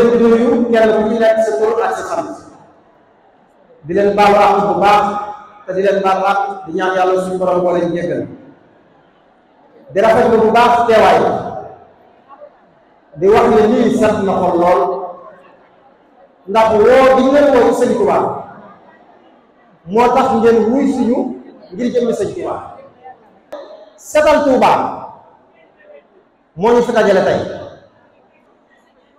leen di nuyu kenn ku ci nekk sa tur di leen baal àq bu baax te di leen baal àq di ñaan yàlla suñu leen jéggal di bu baax teewaay di wax ne lii sant na ko lool ndax woo di ngeen woo ci sëñ moo tax ngeen wuy suñu ngir jëmmi sëñ Tuubaa setal Tuubaa moo ñu fi dajale tey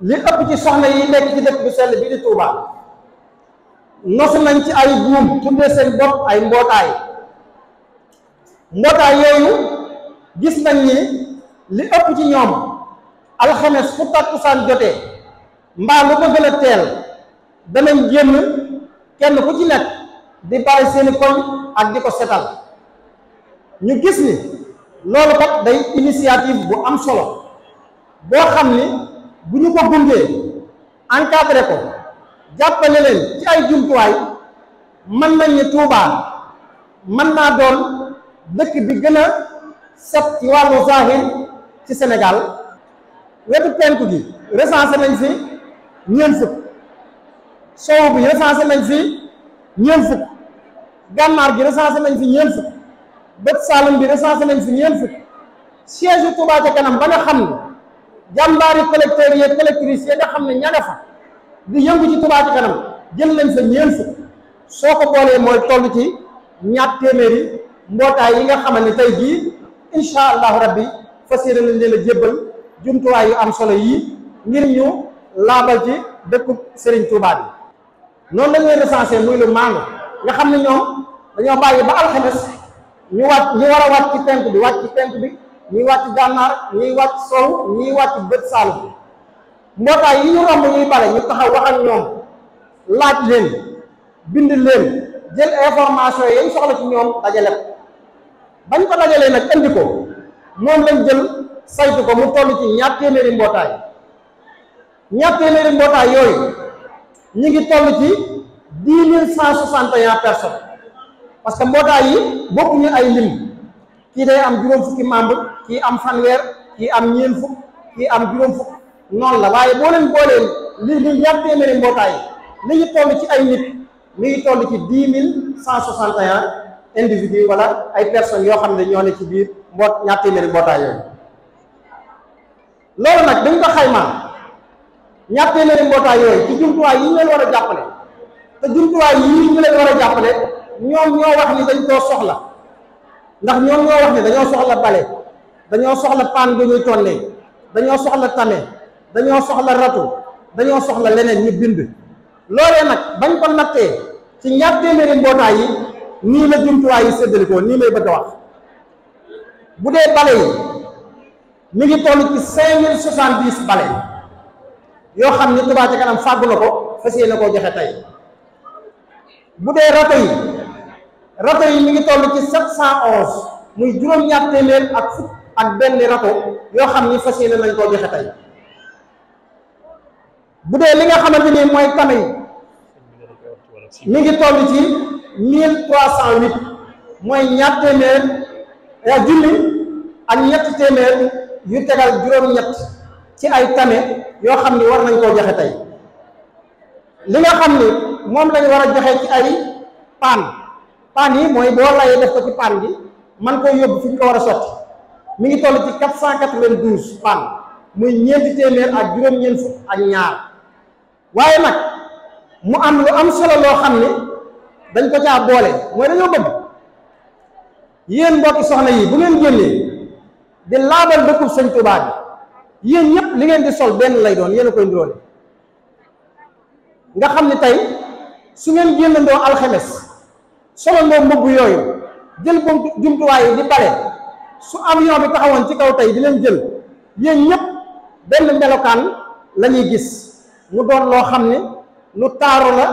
li ëpp ci soxna yi nekk ci dëkk bu sell bi di Touba nosu nañ ci ay buum tudde seen bopp ay mbootaay mbootaay yooyu gis nañ ni li ëpp ci ñoom alxames fu takkusaan jotee mbaa lu ko gën a teel danañ génn kenn ku ci nekk di bàyyi seeni koñ ak di ko setal ñu gis ni loolu kat day initiative bu am solo boo xam ni bu ñu ko gungee encadré ko jàppale leen ci ay jumtuwaay man nañ ne Touba mën naa doon dëkk bi gën a set ci wàllu zahir ci Sénégal wetu penku gi recensé nañ fi ñeent fukk sow bi recensé nañ fi ñeent fukk gànnaar gi recensé nañ fi ñeent fukk bët saalum bi recensé nañ fi ñeent fukk siège Touba ca kanam ba nga xam jàmbaari collecteurs yi collectrices yi nga xam ne ña nga fa di yëngu ci Touba Ca Kanam jël nañ fa ñeent fukk soo ko boolee mooy toll ci ñaat téeméeri mbootaay yi nga xamal ne tey jii incha allahu rabbi fas yéene nañ leen a jébbal jumtuwaay yu am solo yii ngir ñu laabal ci dëkku Serigne Touba bi noonu lañ leen recensé muy lu maangu nga xam ne ñoom dañoo bàyyi ba alxames ñu wat ñu war a waat ci penk bi waat ci penk bi ñuy wàcc gànnaar ñuy wàcc sow ñuy wàcc bët saalum mbootaay yi ñu romb ñuy bale ñu taxaw wax ak ñoom laaj leen bind leen jël information yañ soxla ci ñoom dajale ko bañ ko dajalee nag indi ko moom lañ jël saytu ko mu toll ci ñaar téeméeri mbootaay ñaar téeméeri mbootaay yooyu ñu ngi toll ci dix mille cent soixante et un personnes parce que mbootaay yi bokkuñu ay lim kii day am juróom fukki membre kii am fanweer kii am ñeen fukk kii am juróom fukk noonu la waaye boo leen booleen li li ñaar téeméeri mbootaay li ñu toll ci ay mi ngi toll ci dix mille cent soixante et un individus ay personnes yoo xam ne ñoo ne ci biir mboot ñaar téeméeri mbootaay yooyu loolu nag dañ ko xaymaa ñaar téeméeri mbootaay yooyu ci jumtuwaay yi ñu leen war a jàppale te jumtuwaay yii ñu leen war a jàppale ñoom ñoo wax ni dañ koo soxla ndax ñoom ñoo wax ne dañoo soxla bale dañoo soxla paan bu ñuy tollee dañoo soxla tame dañoo soxla ratu dañoo soxla leneen ñu bind loolee nag bañ ko nattee ci ñaar téeméeri mbootaay yi nii la jumtuwaay yi séddalikoo nii lay bëgg wax bu dee bale yi mi ngi toll ci cinq mille soixante dix bale yoo xam ni Touba ca kanam fàggu na ko fas yéene koo joxe tey bu dee rato yi rato yi mi ngi toll ci sept cent onze muy juróom-ñaar téeméer ak fukk ak benn rato yoo xam ni fas yéene nañ koo joxe tey bu dee li nga xamante ni mooy tame yi mi ngi toll ci mille mooy ñaar téeméer eh, ak ñett téeméer yu tegal juróom ci ay tame yoo xam ne war nañ koo joxe tey li moom lañ war a joxe ci ay paan pan yi mooy boo layee def ko ci pan bi man koy yóbbu fi ñu ko war a sotti mi ngi toll ci quatre cent quatre-vingt-douze pan muy ñeenti téeméer ak juróom-ñeent fukk ak ñaar waaye nag mu am lu am solo loo xam ne dañ ko caa boole mooy dañoo bëgg yéen mbokki soxna yi bu ngeen génnee di laabal dëkkub sëñ Tuubaa bi yéen ñëpp li ngeen di sol benn lay doon yéen a koy nduróole nga xam ne tey su ngeen génnandoo alxemes solandoo mbubb yooyu jël buntu jumtuwaay yi di bale su avion bi taxawoon ci kaw tey di jël yéen ñëpp benn melokaan la ñuy gis mu doon loo xam ne lu taaru la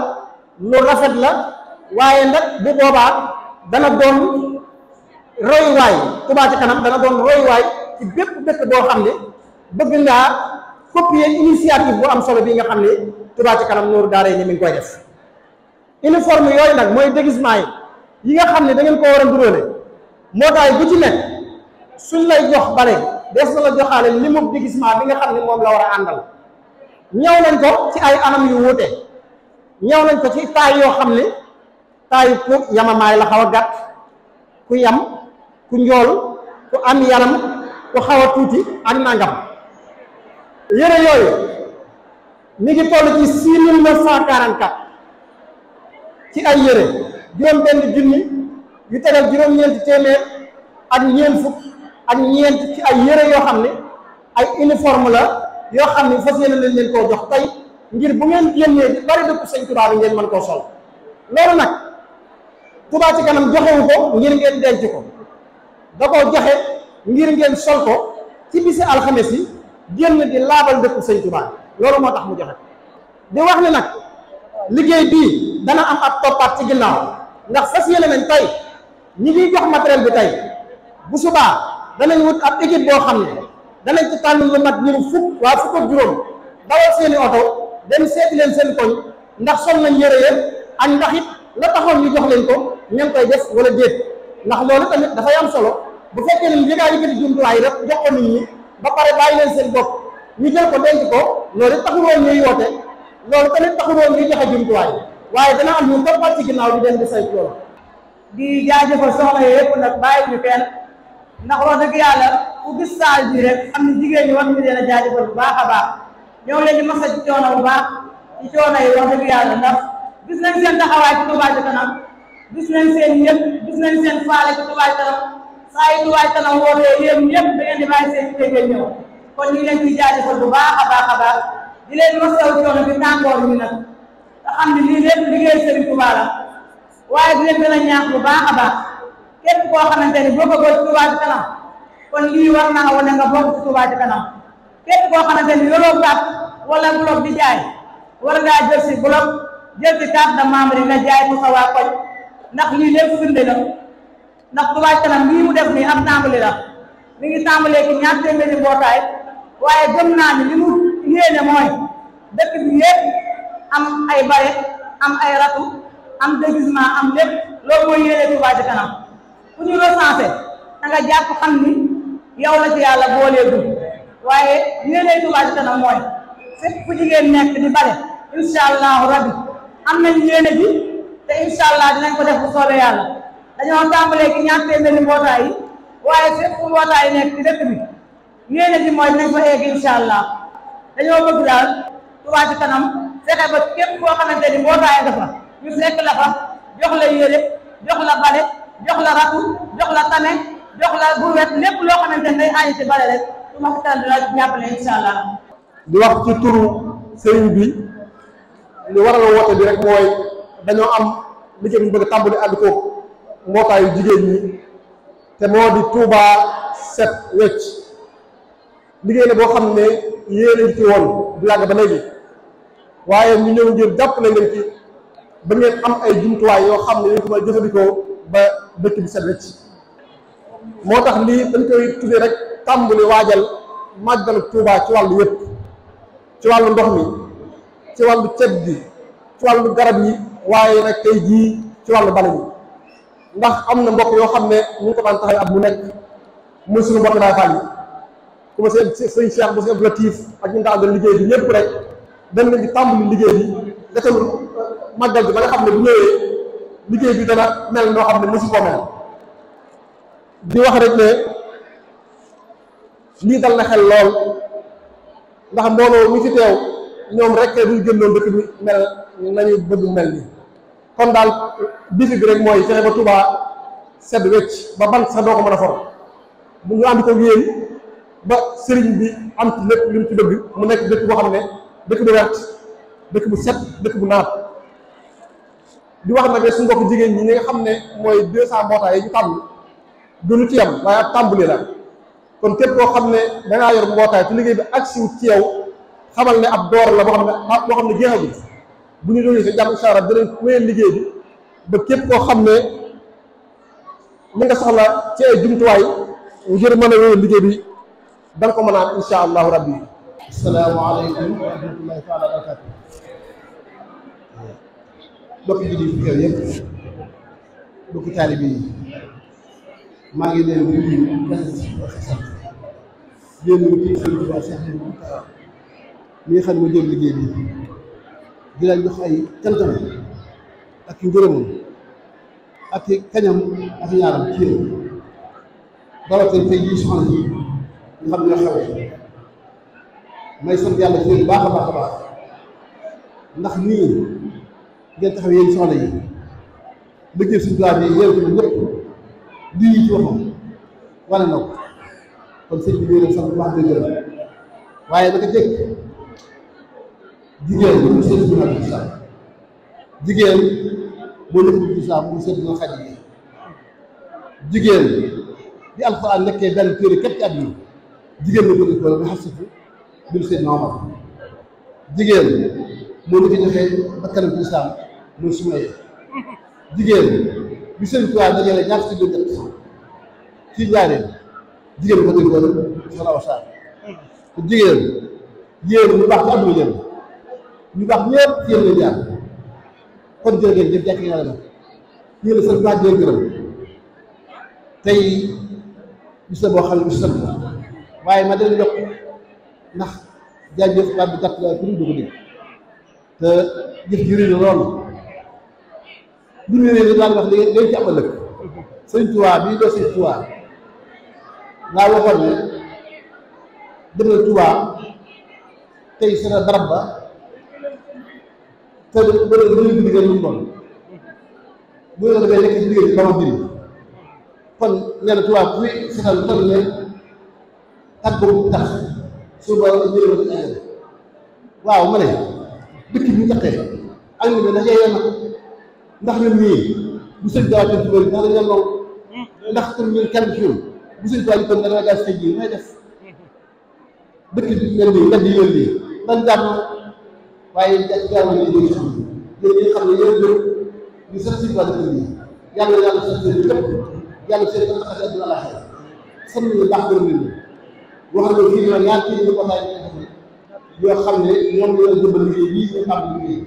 lu rafet la waaye nag bu boobaa dana doon royuwaay Touba ci kanam dana doon royuwaay ci bépp dëkk boo xam ne bëgg ngaa copier initiative bu am solo bi nga xam ne Touba ci kanam nooru daara yi ni mi ngi koy def uniforme yooyu nag mooy déguisement yi nga xam ne da ngeen ko war a duróole mbootaay bu ci nekk suñ lay jox bale des na la joxaale li mu déguisement bi nga xam ne moom la war a àndal ñëw nañ ko ci ay anam yu wuute ñëw nañ ko ci taay yoo xam ne taay ku yamamaay la xaw a gàtt ku yam ku njool ku am yaram ku xaw a tuuti ak nangam yére yooyu mi ngi toll ci six mille neuf cent ci ay yére juróom benn junni yu tegal juróom-ñeenti téeméer ak ñeent fukk ak ñeent ci ay yére yoo xam ne ay uniforme la yoo xam ne fas yéene leen leen koo jox tey ngir bu ngeen génnee di bari dëkk sëñ Tuubaa bi ngeen mën koo sol loolu nag Tuubaa ci kanam joxewu ko ngir ngeen denc ko da koo joxe ngir ngeen sol ko ci bisi alxames yi génn di laabal dëkk sëñ Tuubaa loolu moo tax mu joxe di wax ne nag liggéey bii dana am ab toppaat ci ginnaaw ndax fas yéene nañ tey ñi ñuy jox matériel bi tey bu subaa danañ wut ab équipe boo xam ne danañ ci tànn lu mat ñu fukk waa fukk ak juróom dawal seeni oto dem seeti leen seen koñ ndax sol nañ yére yëpp ak ndax it la taxoon ñu jox leen ko ña ngi koy def wala déet ndax loolu tamit dafay am solo bu fekkee ne yëgaa yëkkati jumtuwaay rek jox ko nit ñi ba pare bàyyi leen seen bopp ñu jël ko denc ko loolu taxuloon ñuy woote loolu tamit taxuloon ñuy joxe jumtuwaay waaye dana am ñu toppat ci ginnaaw di dem di saytu loolu di jaajëfal soxna yi yëpp nag bàyyi ñu kenn ndax wax dëgg yàlla ku gis saal bi rek am na jigéen ñi war ñu leen a jaajëfal bu baax a baax ñoo leen di masa ci coono bu baax ci coono yi wax gi yàlla ndax gis nañ seen taxawaay ci Touba Ca Kanam gis nañ seen yëpp gis nañ seen faale ci Touba Ca saa yi Touba Ca Kanam wootee yéen yëpp da di bàyyi seen yitte ngeen ñëw kon ñu leen a a di leen masaw coono te xam ne lii lépp liggéey Sëriñ Tuubaa waaye di leen gën a ñaax bu baax a baax képp koo xamante ni boo ko góor Tuubaa kanam kon lii war naa wane nga bokk ci kanam képp koo xamante ni yoroo carte wala bloc di jaay war ngaa jël si bloc jël si carte de yi nga jaay ko sa waa koñ ndax lii lépp firnde la ndax Tuubaa kanam lii mu def nii ab tàmbali la mi ngi tàmbalee ki ñaar téeméeri mbootaay waaye gëm li mu yéene mooy dëkk bi yépp am ay bare am ay ratu am déguisement am lépp loolu mooy yéene Touba ci kanam ku ñu recensé da nga jàpp xam ni yow la ci yàlla booleegul waaye yéene Touba ci kanam mooy fépp ku jigéen nekk di bare incha allahu rabbi am nañ yéene ji te incha allah dinañ ko def bu soobee yàlla dañoo tàmbalee ki ñaar téeméeri mbootaay yi waaye fépp ku mbootaay nekk ci dëkk bi yéene ji mooy dinañ ko egg incha allah dañoo bëgg daal Touba ci kanam fexe ba képp koo xamante ni mbootaay dafa ñu fekk la fa jox la yére jox la bale jox la ratu jox la tame jox la burwet lépp loo xamante ni day aaji ci rek su ma xital dina jàppale incha bi lu waral woote bi rek mooy dañoo am liggéey bu ñu bëgg mbootaayu jigéen ñi te moo di Touba set wecc liggéey la boo xam ne yéen a ci woon du ba léegi waaye ñu ñëw ngir jàppale leen ci ba ngeen am ay jumtuwaay yoo xam ne yéen ko may jëfandikoo ba dëkk bi set wecc moo tax lii dañ koy tuddee rek tàmbali waajal màggalu Tuubaa ci wàllu yëpp ci wàllu ndox mi ci wàllu cet bi ci wàllu garab yi waaye nag tey jii ci wàllu bale yi ndax am na mbokk yoo xam ne ñu ngi ko daan taxawee at mu nekk muy suñu mbokk Baay Faal yi ku ma seen sëñ Cheikh bu seen ak ñu nga àndal liggéey bi ñëpp rek dem nañu tàmbali liggéey bi defalul màggal bi ba nga xam ne bu ñëwee liggéey bi dana mel noo xam ne mosu ko mel di wax rek ne lii dal na xel lool ndax mbooloo mi fi teew ñoom rek bu ñu génnoon mel nañu bëgg mel ni kon daal bifi bi rek mooy fexe ba Touba sedd wecc ba bant sax doo ko mën a for mu ñu ànd ko yéen ba sëriñ bi am ci lépp mu ci bëgg mu nekk dëkk boo xam ne dëkk bu wert dëkk bu set dëkk bu naat di wax nag suñu mbokk jigéen ñi nga xam ne mooy deux cent mbootaay yi ñu tàmm du lu ci yem waaye ab tàmbali la kon képp koo xam ne dangaa yor mbootaay ci liggéey bi ak siw ci yow xamal ne ab door la boo xam ne boo xam ne jeexagul bu ñu jógee sa jàmm incha allah dinañ wéyal liggéey bi képp koo xam ne mën nga soxla ci ay jumtuwaay ngir mën a wéyal liggéey bi danga ko mën a am incha allahu salaamaaleykum wa rahmatullahi taala wa barakaatu bokki bi di teew yëpp bokki taalibe yi maa ngi leen di nuyu yéen ñu ngi seen tubaab sax mi nga xam ne moo jël liggéey di la jox ay cantam ak ngërëmam ak kañam ak ñaaram ci yéen rawatina tey jii soxna yi nga xam ne may sant yàlla ci yéen baax a baax a baax ndax nii ngeen taxaw yéen soxna yi liggéey suñu tubaab yi yéen ko ñëpp lii ci waxam wane na ko kon sëñ waaye naka jëkk jigéen ñi seen bi jigéen moo nekk bi jigéen bi alxuraan nekkee benn téere képp ci àdduna jigéen la ko def wala nga biñ Seydina Omar jigéen moo ñu fi joxee bakkanam ci lislaam mooy suma jigéen bi seen tuwaay dajale ñaar si biir ñett ci jaaree jigéen ko déggoon jigéen yéen ñu baax ba àdduna yéen ñu baax ñëpp yéen la jaar kon jërë ngeen jëf jàkk yàlla na ñu la sant naa jërë tey bis la boo xam ne bis sant waaye ma dana yokk ndax jaajëf baat bi gàtt waaye ku dul du ko dégg te jëf ji rëy na lool lu ñu rëy daan wax léegi léegi ci am ëllëg sëñ Tuubaa bii doo sëñ Tuubaa laa waxoon ne demal Tuubaa tey seen barab ba te bële lu ñu liggéey lu mu doon bu ñu demee nekk ci liggéey bi ba ma biri kon nee na Tuubaa kuy seetal toll ne tàggu tax suba njëriñ la waaw ma ne dëkk bi njëkkee ak ni dañuy yem ndax ñun ñii bu sëñ Dawa jëm ci bëri ndax dañoo lool ndax comme ñun kenn ci ñun bu sëñ Dawa jëm dana gas sëñ yi may def dëkk bi mel nii mbedd yi mel nii lan jàmm waaye jaamu ñu jógee si yéen ñi xam ne yéen ñëpp ñu sax sëñ Dawa jëm nii yàlla yàlla sax sëñ bi lépp yàlla sëñ bi nga xam ne àdduna la xel sëñ bi baax na wax nga fii na ñaar téeméeri otaay yoo xam ne ñoom ñoo doon jëmbal liggéey bii ñu am liggéey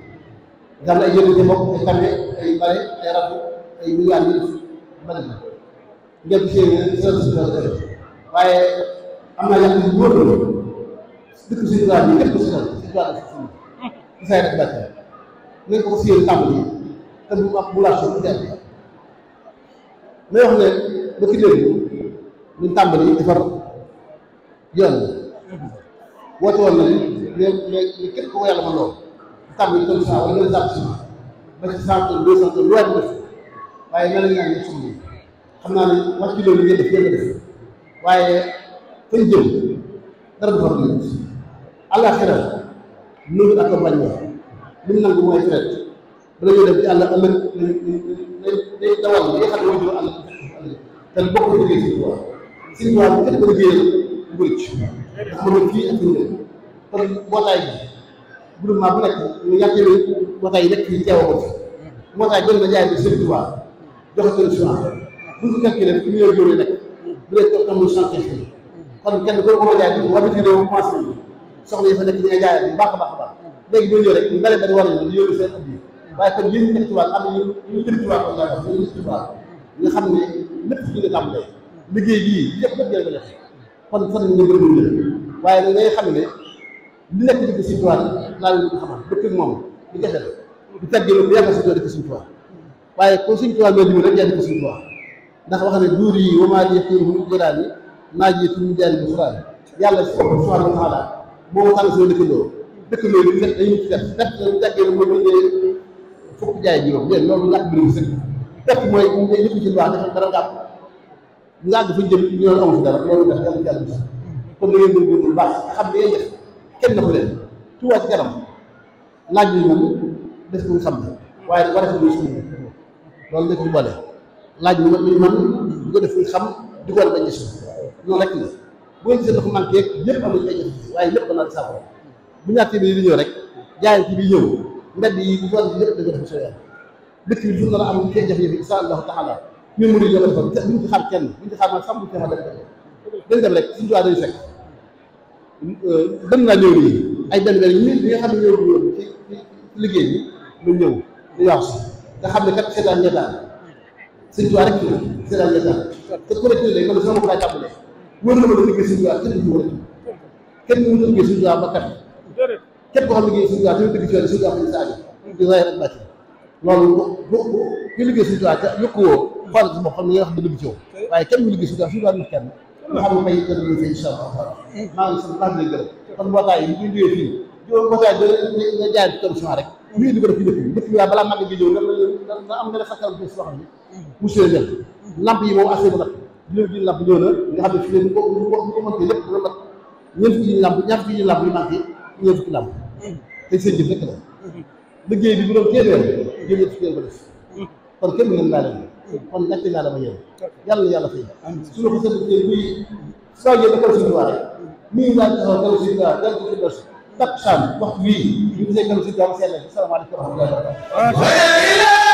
daanaka ay yëngu bopp ay tame ay bare ay rajo ay milliards yi bari na ngeen gisee service bi daal waaye am naa yàq yu góor la dëkk si diwaan bi ñëpp si daal si diwaan bi suuf si saa rek bàcc nañ ko siyee tàmbali te bu am bu laajte bu teel may wax ne ba ki dégg ñu tàmbali defar. yoon woote woon na ne ne képp ku yàlla ma lool ba ci cent tonnes deux a def waaye mel na ñaan xam naa ci loolu ngeen def a def waaye fañ jëm dara du fa am nit àllaaxira nungi accompagnement li mu nangu mooy fret bala ñuy dem dawal li nga xam ne mooy juróom àll te bokk na liggéey si waaw si waaw kenn ko liggéeyal bëri mu ne fii ak ñun kon mbootaay bi groupement bu nekk ñu ñaata na jaay bi Sëriñ Tuubaa jox ko seen suwaan soxla yi fa nekk ñu nga jaay bu baax a a baax léegi ñu ñëw rek ñu bari bari war nañu nga xam ne lépp fi ñu tàmbalee liggéey bii yëpp lépp jël ko kon kon ñu gën a dundal waaye nag ngay xam ne li nekk di ko si tuwaat laa leen ko xamal dëkk ak moom di gese la di tàggee si tuwaat di ko suñu tuwaat waaye ko suñu tuwaat mel nii rek yaa di ko suñu tuwaat ndax wax ne duur yi wamaa yëtmu jëlaan yi naaj yi tuñu jaari bi xuraan yàlla si subhaanahu wa taala moo xam ne soo dëkkandoo dëkkandoo li fet dañu fet fet lañu tàggee la moo mënee fukk jaay juróom léegi loolu ñàkk bi dara gàpp ñu àgg fa jëm ñu doon amu fi dara loolu ndax yàlla jàll bis kon na ngeen góorgóorlu bu baax xam ne yéen def kenn na ko leen Touba Ca Kanam laaj bi moom def ko xam ne waaye war a fi suñu loolu dañ ko boole laaj bi moom man di ko def xam di ko war a bañ a suñu noonu rek la bu ngeen gisee dafa manqué lépp amuñu ay jafe waaye lépp mën naa di saafara bu ñaar téeméer yi di ñëw rek jaay ci bi ñëw mbedd yi bu war lépp dañu def soo yàlla dëkk bi fu na am kee jafe-jafe insha allahu taala ñun mënuñu yore ba duñ ci xaar kenn duñ ci xaar man sàmm ci xaar dañ dem rek suñu tubaab dañu fekk dem naa ñëw nii ay benn benn ñi nga xam ne ñëw ñëw ci liggéey bi lu ñëw di wax nga xam ne kat seetaan ñetaan suñu tubaab rek seetaan ñetaan te ku nekk léegi kon sama ko daa jàppalee wóor na ma ne liggéey suñu tubaab kenn duñu war a kenn mënu liggéey suñu tubaab ba kat képp koo xam liggéey suñu tubaab dañu dëgg ci yoon suñu tubaab ñu saa di rey rek bàcc loolu bu bu ñu liggéey suñu tubaab yokku woo xool ci boppam li nga wax dëgg bi ci yow waaye kenn mënu gis daal suñu daan kenn nga xam ne may dëgg bi insha Allah maa ngi sant maa ngi gërëm kon mbootaay yi ñu ñëwee fii yow mbootaay nga jaay ci comme rek ñuy di ko def ci dëkk bi dëkk bi daal balaa màgg gi ñëw nga am nga def sakkal bi soo xam ne monsieur Ndiaye lamp yi moom assez bu nag ñëw di lamp ñëw na nga xam ne fii ko ko mënte lépp dana mat ñeent fukki lamp ñaar fukki lamp yi manqué ñeent fukki lamp te seen jëf rek la liggéey bi bu doon téeméer jël ñeent fukki ko def kon kenn ngeen laa leen kon gàcce ngaa dama ñëw yàlla yàlla fay su ko sëñ bi muy soo jëlee ko suñu waare mii ngaa taxaw kaw si waa dal ko si dos takk saan wax wii ñu gisee kaw si waa mu seen salaamaaleykum wa rahmatulah